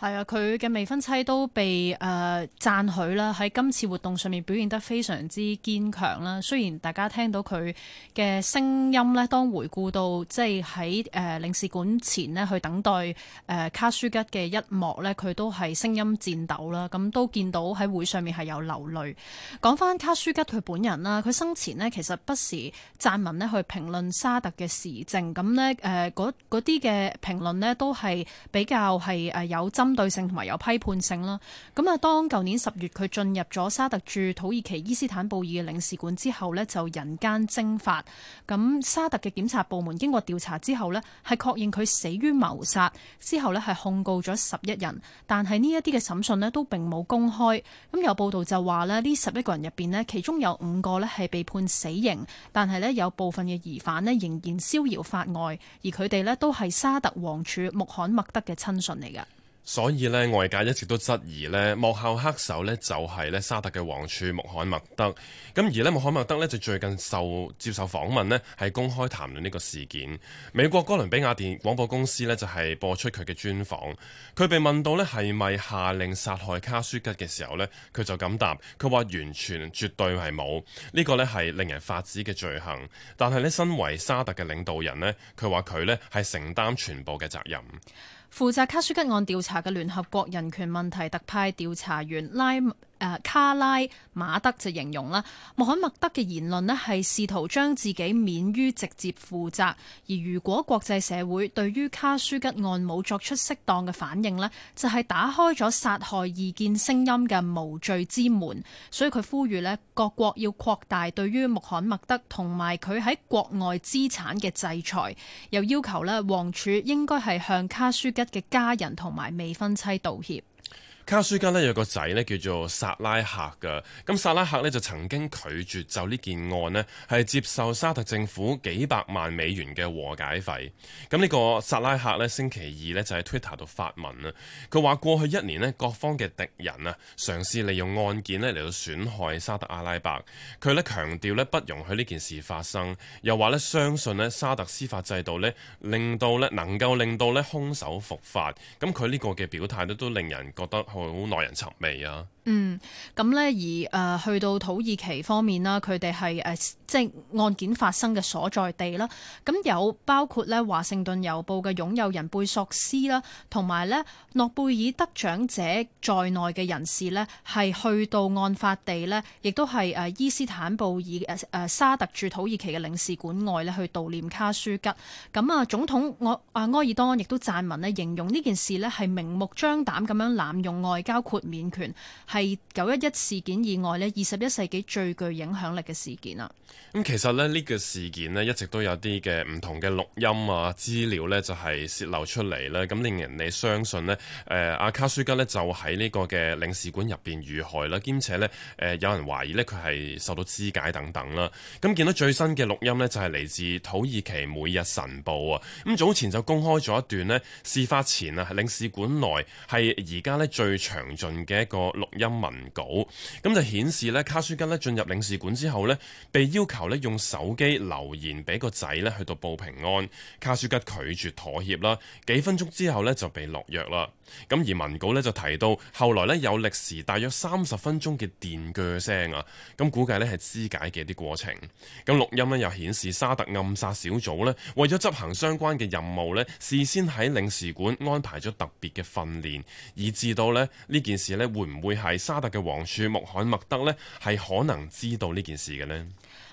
係啊，佢嘅未婚妻都被誒、呃、讚許啦，喺今次活動上面表現得非常之堅強啦。雖然大家聽到佢嘅聲音呢，當回顧到即係喺誒領事館前呢去等待誒、呃、卡舒吉嘅一幕呢，佢都係聲音顫抖啦。咁都見到喺會上面係有流淚。講返卡舒吉佢本人啦，佢生前呢其實不時撰文呢去評論沙特嘅時政，咁呢，誒嗰啲嘅評論呢都係比較係誒有針針對性同埋有批判性啦。咁啊，當舊年十月佢進入咗沙特駐土耳其伊斯坦布爾嘅領事館之後呢就人間蒸發。咁沙特嘅檢察部門經過調查之後呢係確認佢死於謀殺。之後呢係控告咗十一人，但係呢一啲嘅審訊呢都並冇公開。咁有報道就話咧，呢十一個人入邊呢其中有五個呢係被判死刑，但係呢有部分嘅疑犯呢仍然逍遙法外，而佢哋呢都係沙特王儲穆罕默德嘅親信嚟嘅。所以呢外界一直都質疑呢幕後黑手呢就係呢沙特嘅王儲穆罕默德。咁而呢穆罕默德呢就最近受接受訪問呢係公開談論呢個事件。美國哥倫比亞電廣播公司呢就係播出佢嘅專訪。佢被問到呢係咪下令殺害卡舒吉嘅時候呢佢就咁答：佢話完全絕對係冇呢個呢係令人髮指嘅罪行。但係呢身為沙特嘅領導人呢佢話佢呢係承擔全部嘅責任。負責卡舒吉案調查嘅聯合國人權問題特派調查員拉。呃、卡拉馬德就形容啦，穆罕默德嘅言論呢係試圖將自己免於直接負責，而如果國際社會對於卡舒吉案冇作出適當嘅反應呢，就係、是、打開咗殺害異見聲音嘅無罪之門，所以佢呼籲各國要擴大對於穆罕默德同埋佢喺國外資產嘅制裁，又要求呢，王儲應該係向卡舒吉嘅家人同埋未婚妻道歉。卡舒吉呢，有個仔呢，叫做薩拉赫㗎，咁薩拉赫呢，就曾經拒絕就呢件案呢，係接受沙特政府幾百萬美元嘅和解費。咁呢個薩拉赫呢，星期二呢，就喺 Twitter 度發文啦，佢話過去一年呢，各方嘅敵人啊嘗試利用案件呢嚟到損害沙特阿拉伯，佢呢，強調呢，不容許呢件事發生，又話呢，相信呢，沙特司法制度呢，令到呢，能夠令到呢，兇手伏法。咁佢呢個嘅表態呢都令人覺得，好耐人尋味啊！嗯，咁呢。而去到土耳其方面啦，佢哋係即係案件發生嘅所在地啦。咁有包括呢華盛頓郵報嘅擁有人貝索斯啦，同埋呢諾貝爾得獎者在內嘅人士呢，係去到案發地呢，亦都係伊斯坦布爾沙特駐土耳其嘅領事館外呢，去悼念卡舒吉。咁啊，總統阿阿埃爾多安亦都撰文呢，形容呢件事呢，係明目張膽咁樣濫用外交豁免權。係九一一事件以外呢二十一世紀最具影響力嘅事件啦。咁其實咧，呢個事件呢，一直都有啲嘅唔同嘅錄音啊資料呢，就係洩露出嚟咧，咁令人哋相信呢，誒阿卡舒吉呢，就喺呢個嘅領事館入邊遇害啦，兼且呢，誒有人懷疑呢，佢係受到肢解等等啦。咁見到最新嘅錄音呢，就係嚟自土耳其每日晨報啊。咁早前就公開咗一段呢，事發前啊，領事館內係而家呢最詳盡嘅一個錄音。音文稿咁就顯示呢，卡舒吉呢進入領事館之後呢，被要求呢用手機留言俾個仔呢去到報平安。卡舒吉拒絕妥協啦，幾分鐘之後呢就被落藥啦。咁而文稿呢就提到，後來呢有歷時大約三十分鐘嘅電鋸聲啊，咁估計呢係肢解嘅啲過程。咁錄音呢又顯示沙特暗殺小組呢為咗執行相關嘅任務呢，事先喺領事館安排咗特別嘅訓練，以至到呢呢件事呢會唔會係？係沙特嘅王儲穆罕默德呢，係可能知道呢件事嘅呢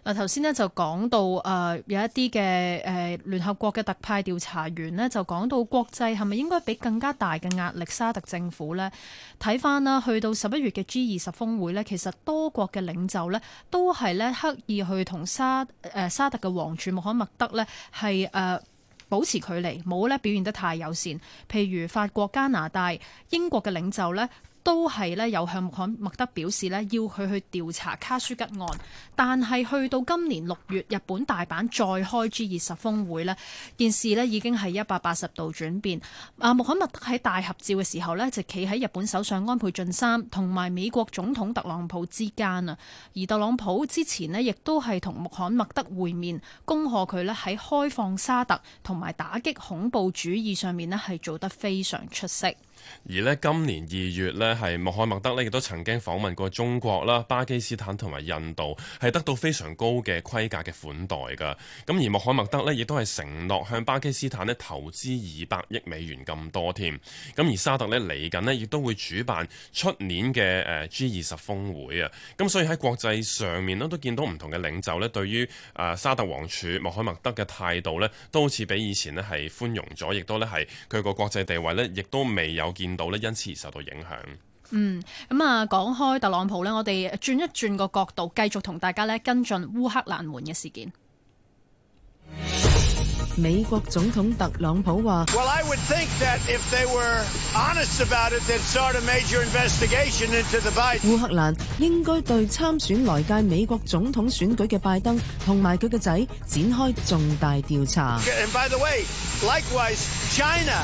嗱，頭先呢，就講到誒、呃，有一啲嘅誒聯合國嘅特派調查員呢，就講到國際係咪應該俾更加大嘅壓力沙特政府呢？睇翻啦，去到十一月嘅 G 二十峰會呢，其實多國嘅領袖呢，都係呢刻意去同沙誒、呃、沙特嘅王儲穆罕默德呢，係、呃、誒保持距離，冇呢表現得太友善，譬如法國、加拿大、英國嘅領袖呢。都係咧有向穆罕默德表示咧要佢去調查卡舒吉案，但係去到今年六月，日本大阪再開 G 二十峰會咧，件事咧已經係一百八十度轉變。啊，穆罕默德喺大合照嘅時候咧，就企喺日本首相安倍晉三同埋美國總統特朗普之間啊。而特朗普之前咧，亦都係同穆罕默德會面，恭賀佢咧喺開放沙特同埋打擊恐怖主義上面咧係做得非常出色。而咧今年二月咧，係穆罕默德咧亦都曾經訪問過中國啦、巴基斯坦同埋印度，係得到非常高嘅規格嘅款待噶。咁而穆罕默德咧亦都係承諾向巴基斯坦咧投資二百億美元咁多添。咁而沙特咧嚟緊咧亦都會主辦出年嘅誒 G 二十峰會啊。咁所以喺國際上面咧都見到唔同嘅領袖咧對於啊、呃、沙特王儲穆罕默德嘅態度咧都好似比以前咧係寬容咗，亦都咧係佢個國際地位咧亦都未有。見到咧，因此而受到影響。嗯，咁、嗯、啊，講開特朗普咧，我哋轉一轉個角度，繼續同大家咧跟進烏克蘭門嘅事件。美國總統特朗普話：Well, I would think that if they were honest about it, major investigation into the Biden. 烏克蘭應該對參選來屆美國總統選舉嘅拜登同埋佢嘅仔展開重大調查。And by the way, likewise, China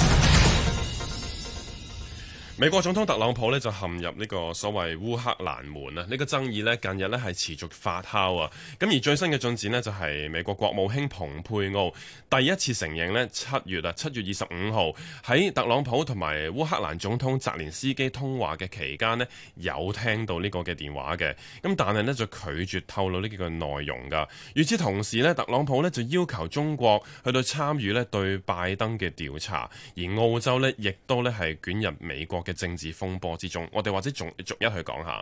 美國總統特朗普咧就陷入呢個所謂烏克蘭門啊，呢個爭議咧近日咧係持續發酵啊。咁而最新嘅進展咧就係美國國務卿蓬佩奧第一次承認咧七月啊七月二十五號喺特朗普同埋烏克蘭總統澤連斯基通話嘅期間咧有聽到呢個嘅電話嘅，咁但係呢，就拒絕透露呢幾個內容噶。與此同時咧，特朗普咧就要求中國去到參與咧對拜登嘅調查，而澳洲咧亦都咧係捲入美國嘅政治風波之中，我哋或者逐逐一去講下。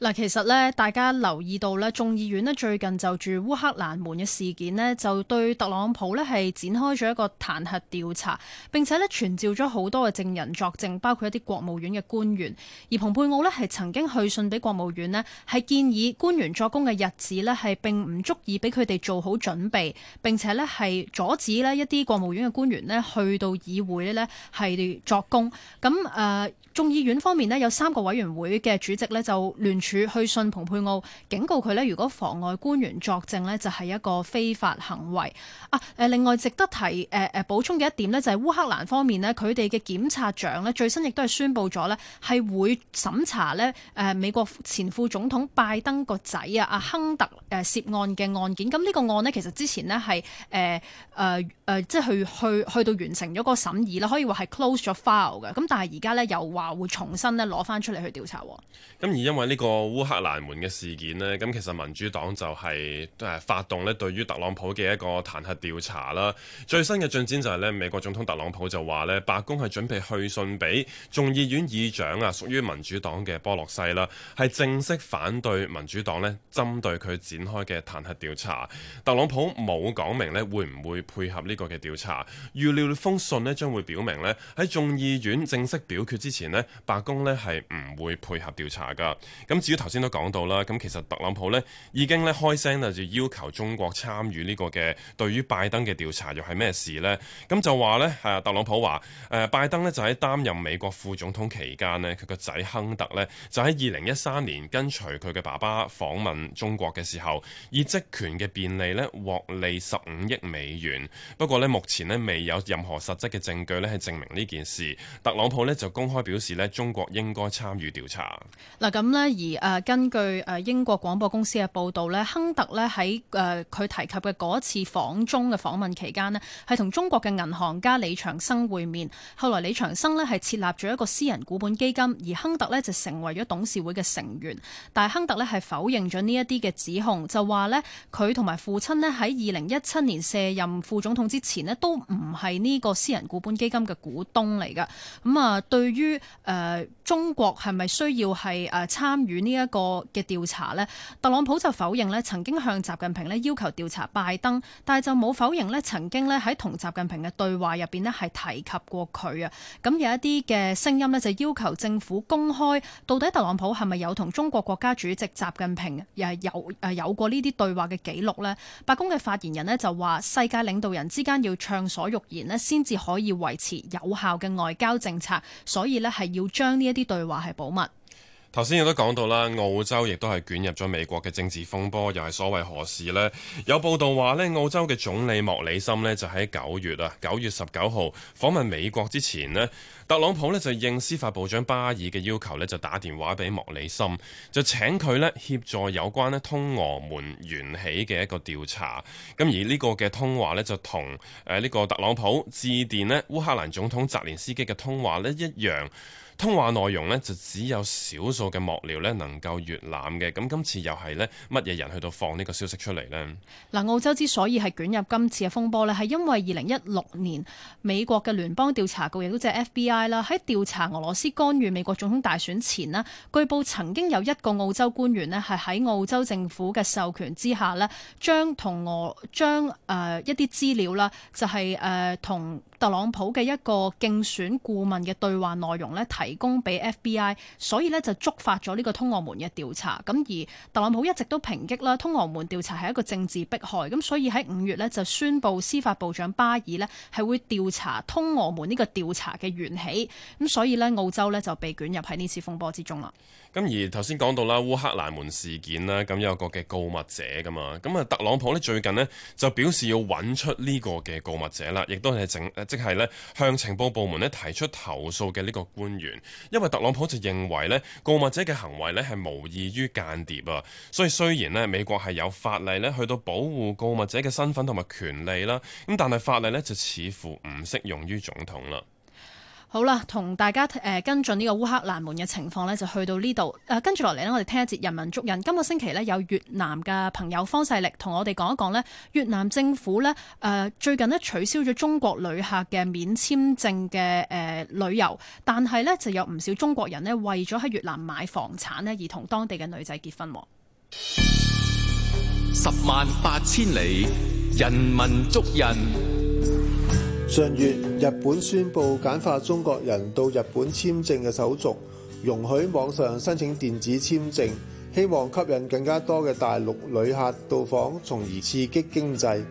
嗱，其實咧，大家留意到咧，眾議院咧最近就住烏克蘭門嘅事件咧，就對特朗普咧係展開咗一個彈劾調查，並且咧傳召咗好多嘅證人作證，包括一啲國務院嘅官員。而蓬佩奧咧係曾經去信俾國務院咧，係建議官員作供嘅日子咧係並唔足以俾佢哋做好準備，並且咧係阻止咧一啲國務院嘅官員咧去到議會咧係作供。咁誒，眾議院方面咧，有三個委員會嘅主席咧，就聯署去信蓬佩奧，警告佢咧，如果妨礙官員作證咧，就係一個非法行為啊！誒，另外值得提誒誒、呃、補充嘅一點咧，就係烏克蘭方面咧，佢哋嘅檢察長咧，最新亦都係宣布咗咧，係會審查咧誒美國前副總統拜登個仔啊阿亨特誒涉案嘅案件。咁呢個案咧，其實之前咧係誒誒誒，即係去去去到完成咗個審議啦，可以話係 close 咗 file 嘅。咁但係而家呢，又，話會重新呢攞翻出嚟去調查。咁而因為呢個烏克蘭門嘅事件呢，咁其實民主黨就係都係發動呢對於特朗普嘅一個彈劾調查啦。最新嘅進展就係呢，美國總統特朗普就話呢，白宮係準備去信俾眾議院議長啊，屬於民主黨嘅波洛西啦，係正式反對民主黨呢針對佢展開嘅彈劾調查。特朗普冇講明呢會唔會配合呢個嘅調查。預料封信呢將會表明呢，喺眾議院正式表決之前。以前呢，白宮呢係唔會配合調查㗎。咁至於頭先都講到啦，咁其實特朗普呢已經呢開聲就要求中國參與呢個嘅對於拜登嘅調查，又係咩事呢？咁就話呢，啊特朗普話，誒拜登呢就喺擔任美國副總統期間，呢佢個仔亨特呢就喺二零一三年跟隨佢嘅爸爸訪問中國嘅時候，以職權嘅便利呢獲利十五億美元。不過呢，目前呢未有任何實質嘅證據呢係證明呢件事。特朗普呢就公開表示咧，中國應該參與調查。嗱，咁咧而誒、呃，根據誒英國廣播公司嘅報道咧，亨特咧喺誒佢提及嘅嗰一次訪中嘅訪問期間咧，係同中國嘅銀行家李長生會面。後來李長生咧係設立咗一個私人股本基金，而亨特咧就成為咗董事會嘅成員。但係亨特咧係否認咗呢一啲嘅指控，就話咧佢同埋父親咧喺二零一七年卸任副總統之前咧都唔係呢個私人股本基金嘅股東嚟㗎。咁、嗯、啊，對於誒、呃，中國係咪需要係誒參與呢一個嘅調查呢？特朗普就否認曾經向習近平要求調查拜登，但係就冇否認曾經呢喺同習近平嘅對話入邊呢係提及過佢啊。咁有一啲嘅聲音就要求政府公開到底特朗普係咪有同中國國家主席習近平有誒有過呢啲對話嘅記錄呢？白宮嘅發言人就話：世界領導人之間要暢所欲言呢，先至可以維持有效嘅外交政策。所以。咧係要將呢一啲對話係保密。頭先亦都講到啦，澳洲亦都係捲入咗美國嘅政治風波，又係所謂何事呢？有報道話呢澳洲嘅總理莫里森呢，就喺九月啊，九月十九號訪問美國之前呢，特朗普呢，就應司法部長巴爾嘅要求呢，就打電話俾莫里森，就請佢呢協助有關通俄門源起嘅一個調查。咁而呢個嘅通話呢，就同誒呢個特朗普致電呢，烏克蘭總統澤連斯基嘅通話呢一樣。通話內容呢，就只有少數嘅幕僚呢能夠閱覽嘅，咁今次又係呢乜嘢人去到放呢個消息出嚟呢？嗱，澳洲之所以係捲入今次嘅風波呢，係因為二零一六年美國嘅聯邦調查局，亦都即係 FBI 啦，喺調查俄羅斯干預美國總統大選前啦，據報曾經有一個澳洲官員呢，係喺澳洲政府嘅授權之下呢，將同俄將誒、呃、一啲資料啦，就係誒同，呃特朗普嘅一個競選顧問嘅對話內容呢，提供俾 FBI，所以呢就觸發咗呢個通俄門嘅調查。咁而特朗普一直都抨擊啦，通俄門調查係一個政治迫害。咁所以喺五月呢就宣布司法部長巴爾呢係會調查通俄門呢個調查嘅緣起。咁所以呢澳洲呢就被捲入喺呢次風波之中啦。咁而頭先講到啦烏克蘭門事件啦，咁有一個嘅告密者㗎嘛。咁啊特朗普呢最近呢就表示要揾出呢個嘅告密者啦，亦都係整。即係咧，向情報部門咧提出投訴嘅呢個官員，因為特朗普就認為咧，告密者嘅行為咧係無異於間諜啊，所以雖然咧，美國係有法例咧去到保護告密者嘅身份同埋權利啦，咁但係法例咧就似乎唔適用於總統啦。好啦，同大家誒、呃、跟進呢個烏克蘭門嘅情況呢就去到這裡、呃、呢度。誒跟住落嚟呢我哋聽一節人民足印。今個星期呢有越南嘅朋友方世力同我哋講一講呢越南政府呢誒、呃、最近呢取消咗中國旅客嘅免簽證嘅誒、呃、旅遊，但係呢就有唔少中國人呢為咗喺越南買房產呢而同當地嘅女仔結婚喎。十萬八千里人民足印。上月，日本宣布簡化中國人到日本簽證嘅手續，容許網上申請電子簽證，希望吸引更加多嘅大陸旅客到訪，從而刺激經濟。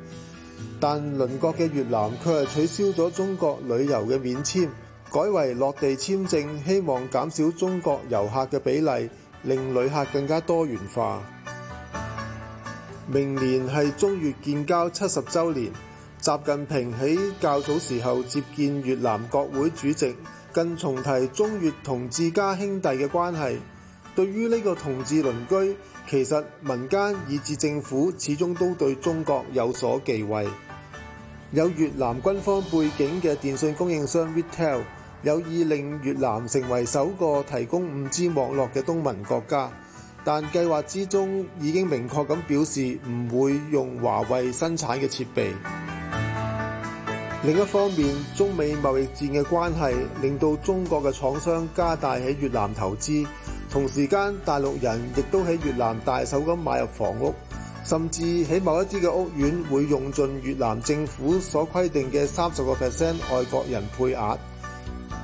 但鄰國嘅越南卻取消咗中國旅遊嘅免簽，改為落地簽證，希望減少中國遊客嘅比例，令旅客更加多元化。明年係中越建交七十周年。習近平喺較早時候接見越南國會主席，更重提中越同志家兄弟嘅關係。對於呢個同志鄰居，其實民間以至政府始終都對中國有所忌諱。有越南軍方背景嘅電信供應商 Viettel 有意令越南成為首個提供五 G 網絡嘅東盟國家，但計劃之中已經明確咁表示唔會用華為生產嘅設備。另一方面，中美貿易戰嘅關係令到中國嘅廠商加大喺越南投資，同時間大陸人亦都喺越南大手咁買入房屋，甚至喺某一啲嘅屋苑會用盡越南政府所規定嘅三十個 percent 外國人配額。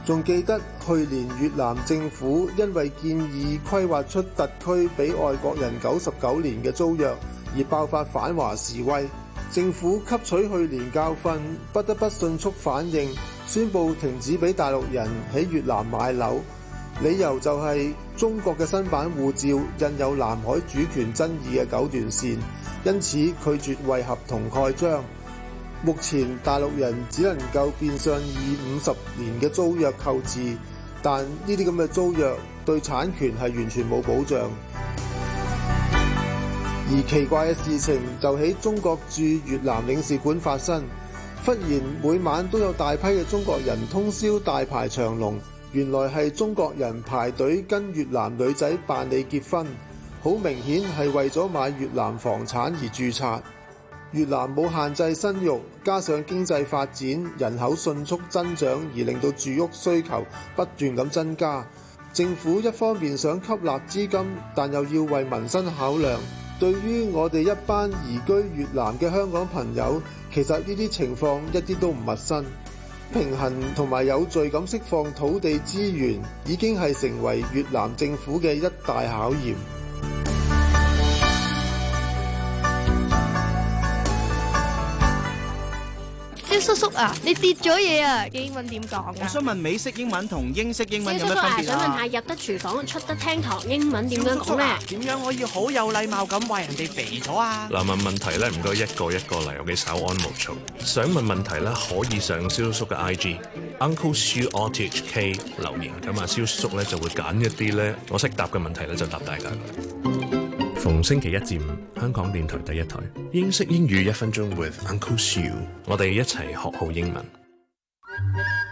仲記得去年越南政府因為建議規劃出特區俾外國人九十九年嘅租約，而爆發反華示威。政府吸取去年教訓，不得不迅速反應，宣布停止俾大陸人喺越南買樓。理由就係、是、中國嘅新版護照印有南海主權爭議嘅九段線，因此拒絕為合同蓋章。目前大陸人只能夠變相以五十年嘅租約購置，但呢啲咁嘅租約對產權係完全冇保障。而奇怪嘅事情就喺中國駐越南領事館發生，忽然每晚都有大批嘅中國人通宵大排長龍，原來係中國人排隊跟越南女仔辦理結婚，好明顯係為咗買越南房產而註冊。越南冇限制生育，加上經濟發展、人口迅速增長而令到住屋需求不斷咁增加。政府一方面想吸納資金，但又要為民生考量。對於我哋一班移居越南嘅香港朋友，其實呢啲情況一啲都唔陌生。平衡同埋有序噉釋放土地資源，已經係成為越南政府嘅一大考驗。叔叔啊，你跌咗嘢啊！英文點講啊？我想問美式英文同英式英文有乜分別啊？叔叔啊，想問下入得廚房出得廳堂英文點樣講咧？點樣可以好有禮貌咁話人哋肥咗啊？嗱，問問題咧唔該一個一個嚟，我哋稍安勿躁。想問問題咧，可以上蕭叔叔嘅 IG Uncle Siu RTHK 留言，咁啊蕭叔叔咧就會揀一啲咧我識答嘅問題咧就答大家。逢星期一至五，香港電台第一台英式英語一分鐘 with Uncle Shiu，我哋一齊學好英文。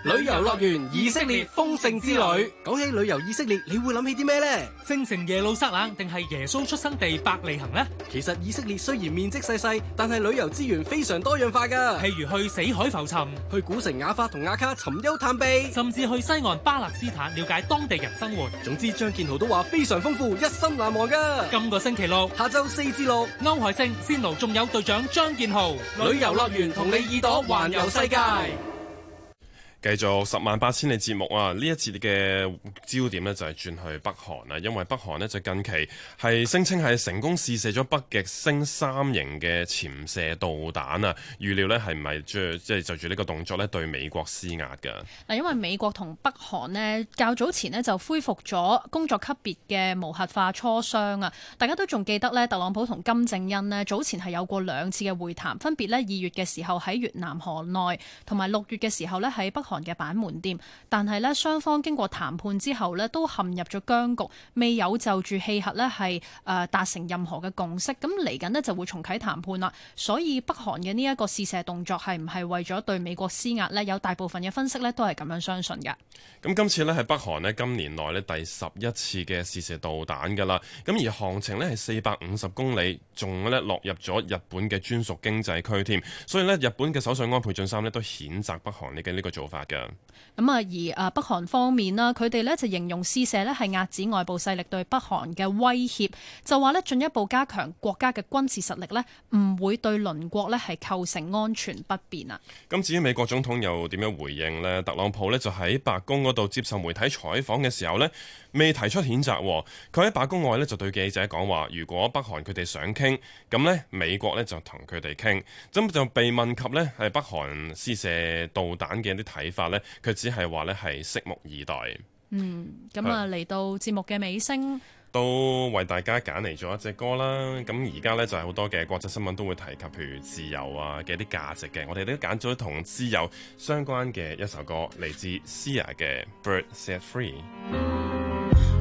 旅遊樂園以色列豐盛之旅，講起旅遊以色列，你會諗起啲咩呢？聖城耶路撒冷定係耶穌出生地伯利恆呢？其實以色列雖然面積細細，但係旅遊資源非常多樣化噶。譬如去死海浮沉，去古城雅法同亞卡尋幽探秘，甚至去西岸巴勒斯坦了解當地人生活。總之，張建豪都話非常豐富，一生難忘噶。今個星期六下晝四至六，歐海星、仙奴，仲有隊長張建豪，旅遊樂園同你耳朵環遊世界。繼續十萬八千里節目啊！呢一次嘅焦點呢就係轉去北韓啊。因為北韓呢，在近期係聲稱係成功試射咗北極星三型嘅潛射導彈啊！預料呢係唔係即係就住呢個動作呢對美國施壓嘅？嗱，因為美國同北韓呢較早前呢就恢復咗工作級別嘅無核化磋商啊！大家都仲記得呢，特朗普同金正恩呢，早前係有過兩次嘅會談，分別呢二月嘅時候喺越南河內，同埋六月嘅時候呢喺北韓嘅板門店，但係呢，雙方經過談判之後呢，都陷入咗僵局，未有就住氣核呢係誒達成任何嘅共識。咁嚟緊呢，就會重啟談判啦。所以北韓嘅呢一個試射動作係唔係為咗對美國施壓呢？有大部分嘅分析呢都係咁樣相信噶。咁今次呢，係北韓呢今年內呢第十一次嘅試射導彈噶啦。咁而行程呢係四百五十公里，仲呢落入咗日本嘅專屬經濟區添。所以呢，日本嘅首相安倍晉三呢都譴責北韓你嘅呢個做法。咁啊，而啊北韓方面啦，佢哋呢就形容試射呢係壓止外部勢力對北韓嘅威脅，就話呢進一步加強國家嘅軍事實力呢，唔會對鄰國呢係構成安全不便啊。咁至於美國總統又點樣回應呢？特朗普呢就喺白宮嗰度接受媒體採訪嘅時候呢。未提出譴責，佢喺白宮外咧就對記者講話：如果北韓佢哋想傾，咁呢美國呢，就同佢哋傾。咁就被問及呢係北韓試射導彈嘅一啲睇法呢，佢只係話呢係拭目以待。嗯，咁啊嚟到節目嘅尾聲，都為大家揀嚟咗一隻歌啦。咁而家呢，就係好多嘅國際新聞都會提及，譬如自由啊嘅一啲價值嘅，我哋都揀咗同自由相關嘅一首歌，嚟自 Sia 嘅《Bird Set Free》。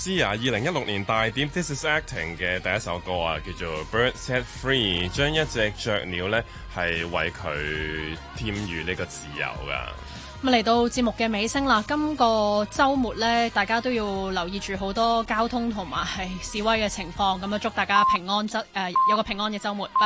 思啊，二零一六年大碟《This Is Acting》嘅第一首歌啊，叫做《Bird Set Free》，將一隻雀鳥咧係為佢添予呢個自由噶。咁啊，嚟到節目嘅尾聲啦，今個周末咧，大家都要留意住好多交通同埋係示威嘅情況，咁啊，祝大家平安周誒、呃，有個平安嘅周末。Bye.